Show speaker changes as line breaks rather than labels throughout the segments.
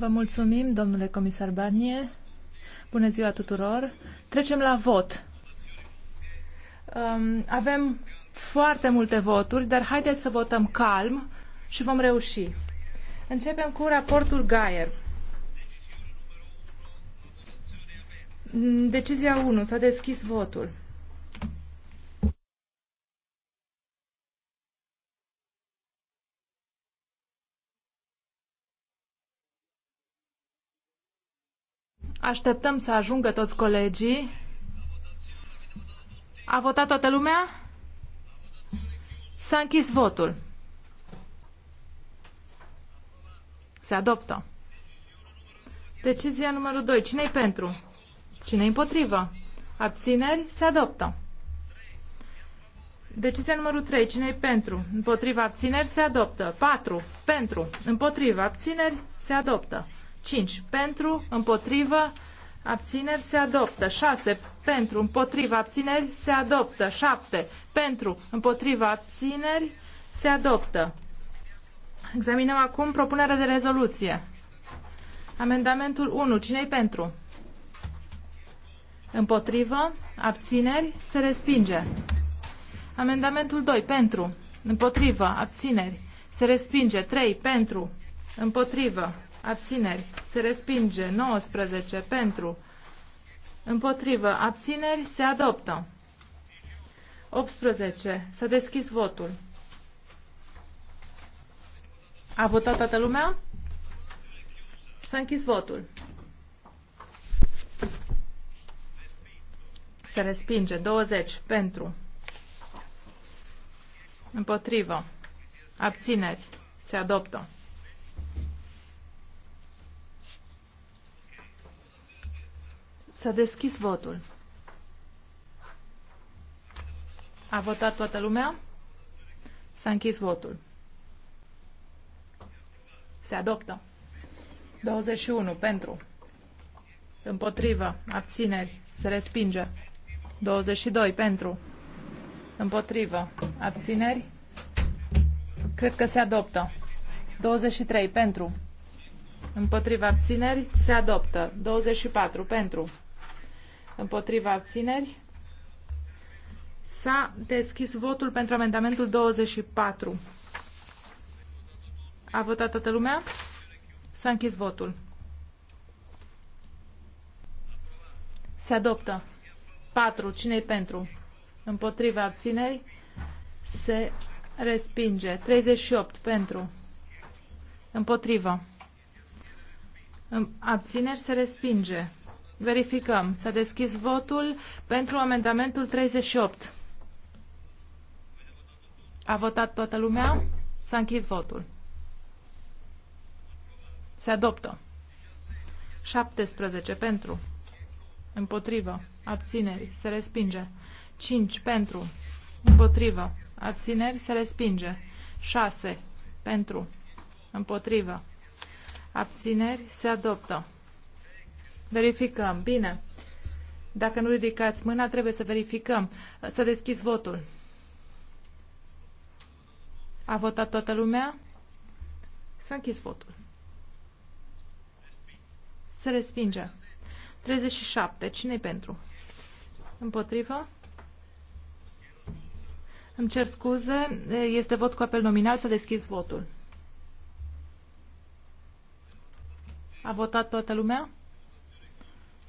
Vă mulțumim, domnule comisar Barnie. Bună ziua tuturor. Trecem la vot. Um, avem foarte multe voturi, dar haideți să votăm calm și vom reuși. Începem cu raportul Gaier. Decizia 1. S-a deschis votul. Așteptăm să ajungă toți colegii. A votat toată lumea? S-a închis votul. Se adoptă. Decizia numărul 2. cine e pentru? cine e împotrivă? Abțineri? Se adoptă. Decizia numărul 3. cine e pentru? Împotriva abțineri? Se adoptă. 4. Pentru. Împotriva abțineri? Se adoptă. 5. Pentru, împotrivă, abțineri se adoptă. 6. Pentru, împotrivă, abțineri se adoptă. 7. Pentru, împotrivă, abțineri se adoptă. Examinăm acum propunerea de rezoluție. Amendamentul 1. Cine-i pentru? Împotrivă, abțineri, se respinge. Amendamentul 2. Pentru, împotrivă, abțineri, se respinge. 3. Pentru, împotrivă, abțineri, se respinge. 19 pentru, împotrivă, abțineri, se adoptă. 18. S-a deschis votul. A votat toată lumea? S-a închis votul. Se respinge. 20 pentru. Împotrivă. Abțineri. Se adoptă. S-a deschis votul. A votat toată lumea? S-a închis votul. Se adoptă. 21 pentru. Împotrivă. Abțineri. Se respinge. 22 pentru. Împotrivă. Abțineri. Cred că se adoptă. 23 pentru. Împotrivă abțineri. Se adoptă. 24 pentru împotriva abțineri. S-a deschis votul pentru amendamentul 24. A votat toată lumea? S-a închis votul. Se adoptă. 4. Cine-i pentru? Împotriva abțineri? Se respinge. 38. Pentru. Împotriva. Abțineri se respinge. Verificăm. S-a deschis votul pentru amendamentul 38. A votat toată lumea? S-a închis votul. Se adoptă. 17 pentru. Împotrivă. Abțineri. Se respinge. 5 pentru. Împotrivă. Abțineri. Se respinge. 6 pentru. Împotrivă. Abțineri. Se adoptă. Verificăm. Bine. Dacă nu ridicați mâna, trebuie să verificăm. Să deschis votul. A votat toată lumea? S-a închis votul. Se respinge. 37. cine pentru? Împotrivă? Îmi cer scuze. Este vot cu apel nominal. Să deschis votul. A votat toată lumea?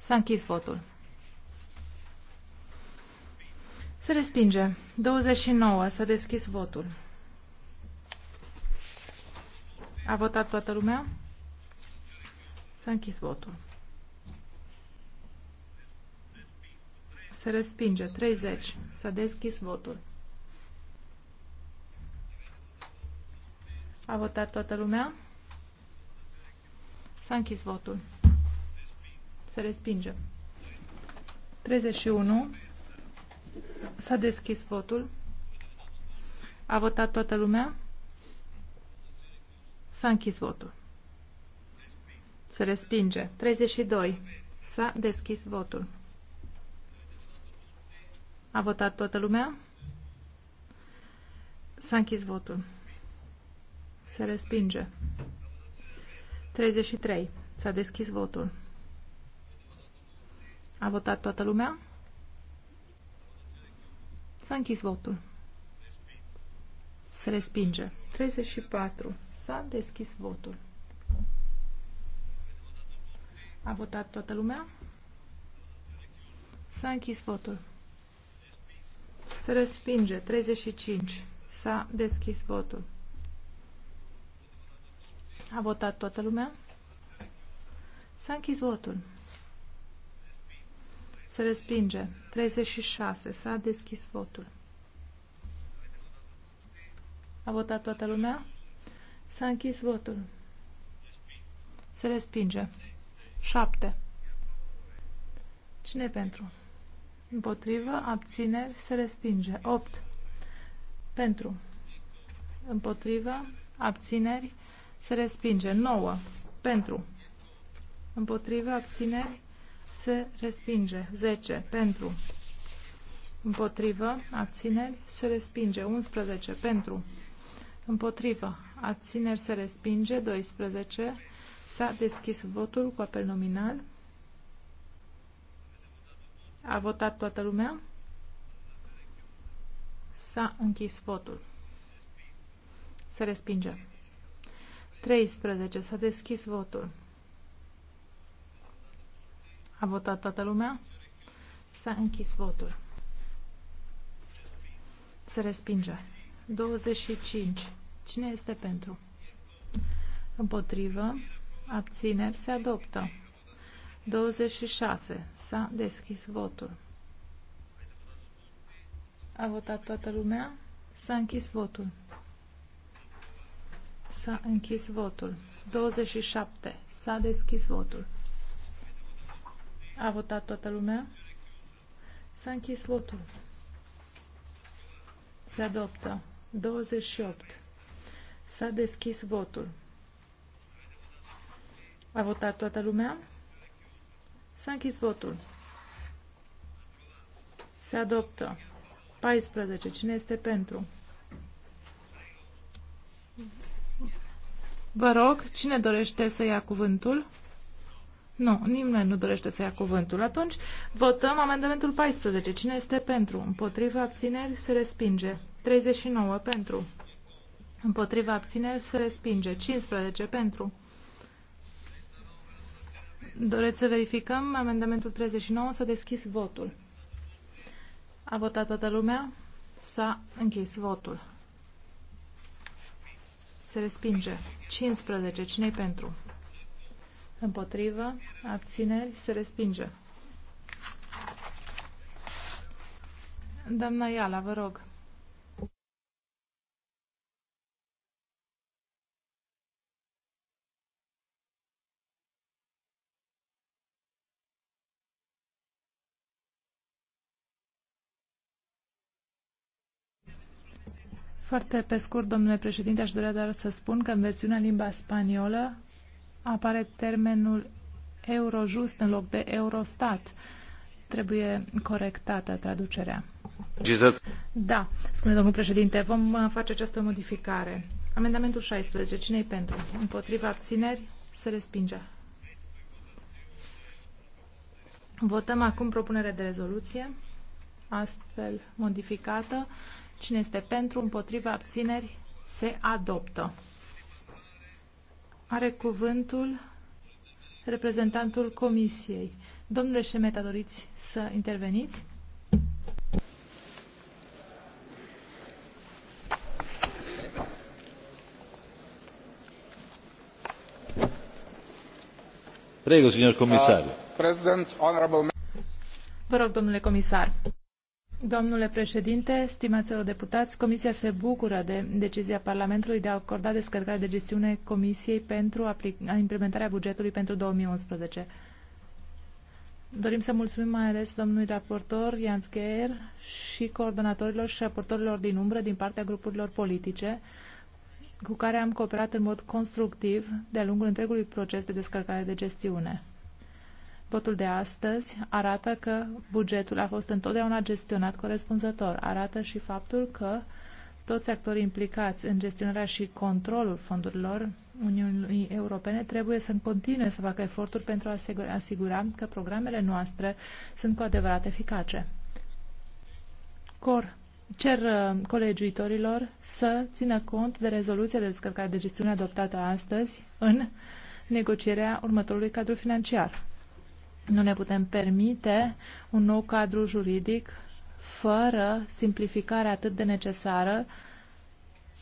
S-a închis votul. Se respinge. 29. S-a deschis votul. A votat toată lumea? S-a închis votul. Se respinge. 30. S-a deschis votul. A votat toată lumea? S-a închis votul. Se respinge. 31. S-a deschis votul. A votat toată lumea? S-a închis votul. Se respinge. 32. S-a deschis votul. A votat toată lumea? S-a închis votul. Se respinge. 33. S-a deschis votul. A votat toată lumea? S-a închis votul. Se respinge. 34. S-a deschis votul. A votat toată lumea? S-a închis votul. Se respinge. 35. S-a deschis votul. A votat toată lumea? S-a închis votul. Se respinge. 36. S-a deschis votul. A votat toată lumea? S-a închis votul. Se respinge. 7. Cine pentru? Împotrivă, abțineri, se respinge. 8. Pentru. Împotrivă, abțineri, se respinge. 9. Pentru. Împotrivă, abțineri, se respinge. 10 pentru, împotrivă, abțineri, se respinge. 11 pentru, împotrivă, abțineri, se respinge. 12 s-a deschis votul cu apel nominal. A votat toată lumea? S-a închis votul. Se respinge. 13. S-a deschis votul. A votat toată lumea? S-a închis votul. Se respinge. 25. Cine este pentru? Împotrivă. Abțineri. Se adoptă. 26. S-a deschis votul. A votat toată lumea? S-a închis votul. S-a închis votul. 27. S-a deschis votul. A votat toată lumea? S-a închis votul. Se adoptă. 28. S-a deschis votul. A votat toată lumea? S-a închis votul. Se adoptă. 14. Cine este pentru? Vă rog, cine dorește să ia cuvântul? Nu, nimeni nu dorește să ia cuvântul. Atunci votăm amendamentul 14. Cine este pentru? Împotriva abțineri se respinge. 39 pentru. Împotriva abțineri se respinge. 15 pentru. Doreți să verificăm amendamentul 39? S-a deschis votul. A votat toată lumea? S-a închis votul. Se respinge. 15. cine pentru? Împotrivă. Abțineri. Se respinge. Doamna Iala, vă rog. Foarte pe scurt, domnule președinte, aș dorea doar să spun că în versiunea limba spaniolă apare termenul Eurojust în loc de Eurostat. Trebuie corectată traducerea. Da, spune domnul președinte, vom uh, face această modificare. Amendamentul 16. Cine-i pentru? Împotriva abțineri? Se respinge. Votăm acum propunerea de rezoluție, astfel modificată. Cine este pentru, împotriva, abțineri, se adoptă. Are cuvântul reprezentantul Comisiei. Domnule Șemeta, doriți să interveniți? Prego, signor comisar. Uh, Vă rog, domnule comisar. Domnule președinte, stimați deputați, Comisia se bucură de decizia Parlamentului de a acorda descărcare de gestiune Comisiei pentru a implementarea bugetului pentru 2011. Dorim să mulțumim mai ales domnului raportor Jans Geier și coordonatorilor și raportorilor din umbră din partea grupurilor politice cu care am cooperat în mod constructiv de-a lungul întregului proces de descărcare de gestiune. Votul de astăzi arată că bugetul a fost întotdeauna gestionat corespunzător. Arată și faptul că toți actorii implicați în gestionarea și controlul fondurilor Uniunii Europene trebuie să continue să facă eforturi pentru a asigura că programele noastre sunt cu adevărat eficace. Cor, cer uh, colegiuitorilor să țină cont de rezoluția de descărcare de gestiune adoptată astăzi în negocierea următorului cadru financiar. Nu ne putem permite un nou cadru juridic fără simplificarea atât de necesară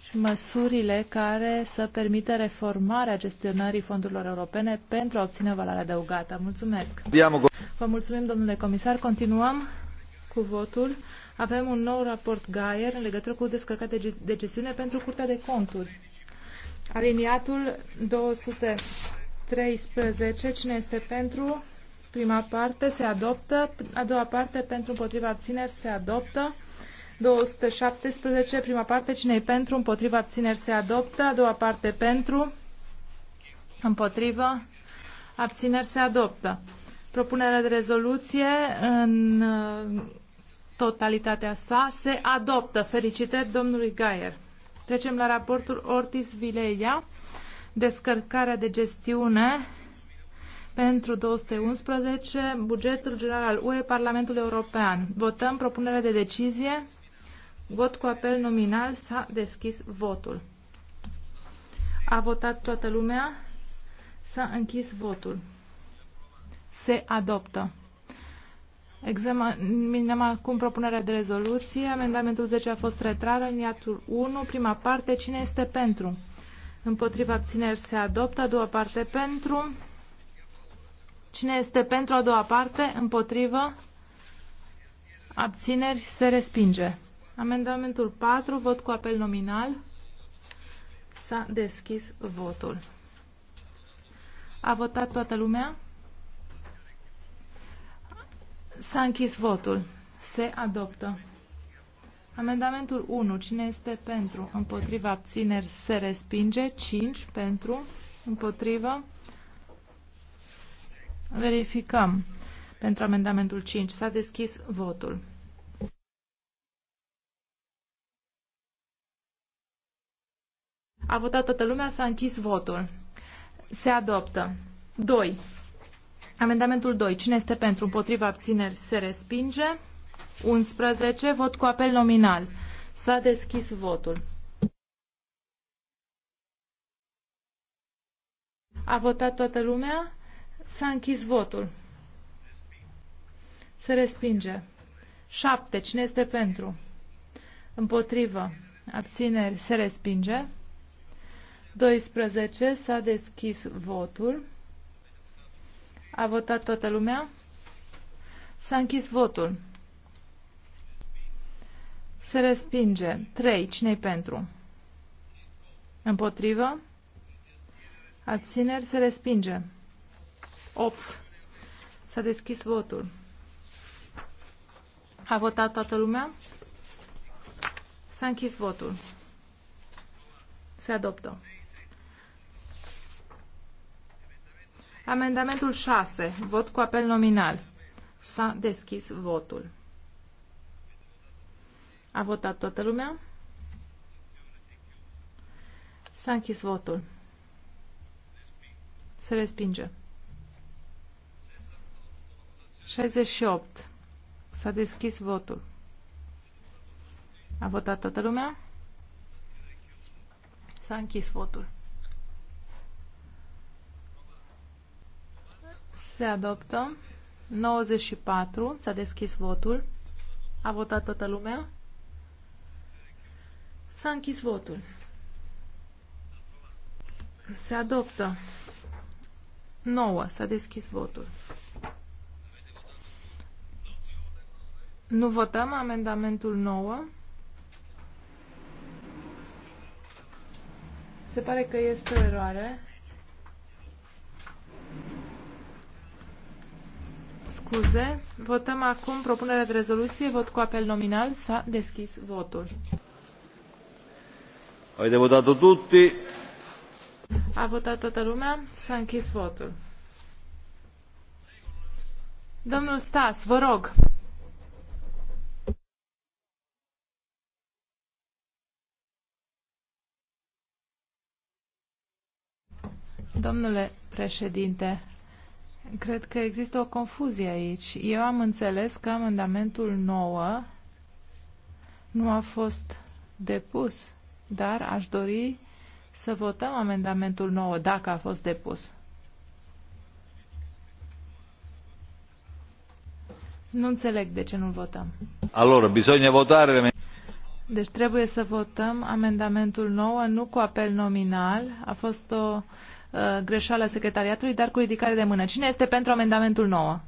și măsurile care să permită reformarea gestionării fondurilor europene pentru a obține valoare adăugată. Mulțumesc! Vă mulțumim, domnule comisar. Continuăm cu votul. Avem un nou raport Gaier în legătură cu descărcate de gestiune pentru Curtea de Conturi. Aliniatul 213. Cine este pentru? Prima parte se adoptă, a doua parte pentru împotriva abțineri se adoptă. 217, prima parte, cine e pentru, împotriva abțineri se adoptă, a doua parte pentru, împotriva abțineri se adoptă. Propunerea de rezoluție în uh, totalitatea sa se adoptă. Felicitări domnului Gaier. Trecem la raportul Ortiz Vileia, descărcarea de gestiune pentru 211, bugetul general al UE, Parlamentul European. Votăm propunerea de decizie. Vot cu apel nominal. S-a deschis votul. A votat toată lumea. S-a închis votul. Se adoptă. Examinăm acum propunerea de rezoluție. Amendamentul 10 a fost retrat, aliniatul 1, prima parte. Cine este pentru? Împotriva abțineri se adoptă, a doua parte pentru, Cine este pentru a doua parte? Împotrivă? Abțineri? Se respinge. Amendamentul 4, vot cu apel nominal. S-a deschis votul. A votat toată lumea? S-a închis votul. Se adoptă. Amendamentul 1. Cine este pentru? Împotriva abțineri se respinge. 5. Pentru. Împotrivă. Verificăm. Pentru amendamentul 5 s-a deschis votul. A votat toată lumea, s-a închis votul. Se adoptă. 2. Amendamentul 2. Cine este pentru? Împotriva abțineri se respinge. 11. Vot cu apel nominal. S-a deschis votul. A votat toată lumea? S-a închis votul. Se respinge. 7. Cine este pentru? Împotrivă. Abțineri. Se respinge. 12. S-a deschis votul. A votat toată lumea? S-a închis votul. Se respinge. 3. Cine-i pentru? Împotrivă? Abțineri. Se respinge. 8. S-a deschis votul. A votat toată lumea? S-a închis votul. Se adoptă. Amendamentul 6. Vot cu apel nominal. S-a deschis votul. A votat toată lumea? S-a închis votul. Se respinge. 68. S-a deschis votul. A votat toată lumea? S-a închis votul. Se adoptă. 94. S-a deschis votul. A votat toată lumea? S-a închis votul. Se adoptă. 9. S-a deschis votul. Nu votăm amendamentul 9. Se pare că este o eroare. Scuze. Votăm acum propunerea de rezoluție. Vot cu apel nominal. S-a deschis votul. Avete votato tutti. A votat toată lumea. S-a închis votul. Domnul Stas, vă rog. Domnule președinte, cred că există o confuzie aici. Eu am înțeles că amendamentul 9 nu a fost depus, dar aș dori să votăm amendamentul 9 dacă a fost depus. Nu înțeleg de ce nu votăm. Allora, bisogne votare... Deci trebuie să votăm amendamentul 9, nu cu apel nominal. A fost o Uh, greșeală a secretariatului, dar cu ridicare de mână. Cine este pentru amendamentul 9?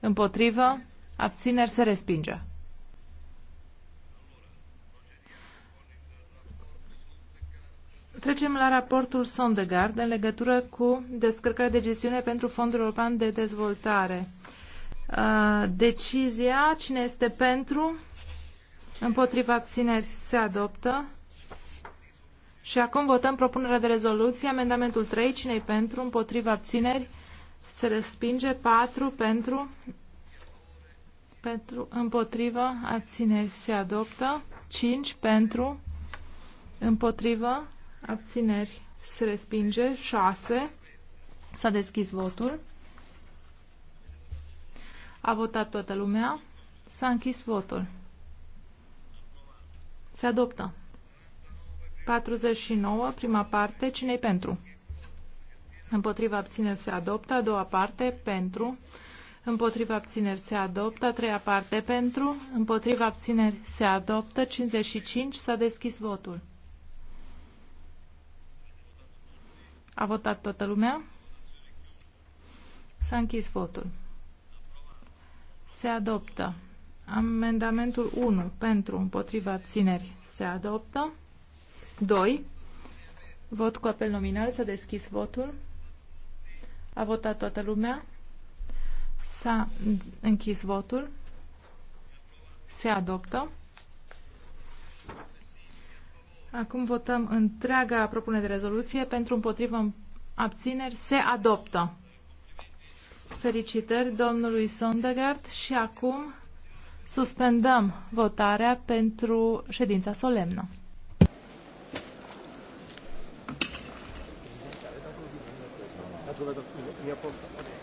Împotrivă? Abțineri se respinge. Trecem la raportul Sondegard în legătură cu descărcarea de gestiune pentru Fondul European de Dezvoltare. Uh, decizia, cine este pentru, împotriva abțineri, se adoptă. Și acum votăm propunerea de rezoluție, amendamentul 3, cine pentru, împotriva abțineri, se respinge, 4 pentru, pentru împotriva abțineri, se adoptă, 5 pentru, împotriva abțineri, se respinge, 6, s-a deschis votul, a votat toată lumea, s-a închis votul, se adoptă. 49, prima parte, cine pentru? Împotriva abțineri se adoptă, a doua parte, pentru. Împotriva abțineri se adoptă, a treia parte, pentru. Împotriva abțineri se adoptă, 55, s-a deschis votul. A votat toată lumea? S-a închis votul. Se adoptă. Amendamentul 1 pentru împotriva abțineri se adoptă. 2. Vot cu apel nominal. S-a deschis votul. A votat toată lumea. S-a închis votul. Se adoptă. Acum votăm întreaga propunere de rezoluție pentru împotrivă abțineri. Se adoptă. Felicitări domnului Sondegard și acum suspendăm votarea pentru ședința solemnă. Gracias.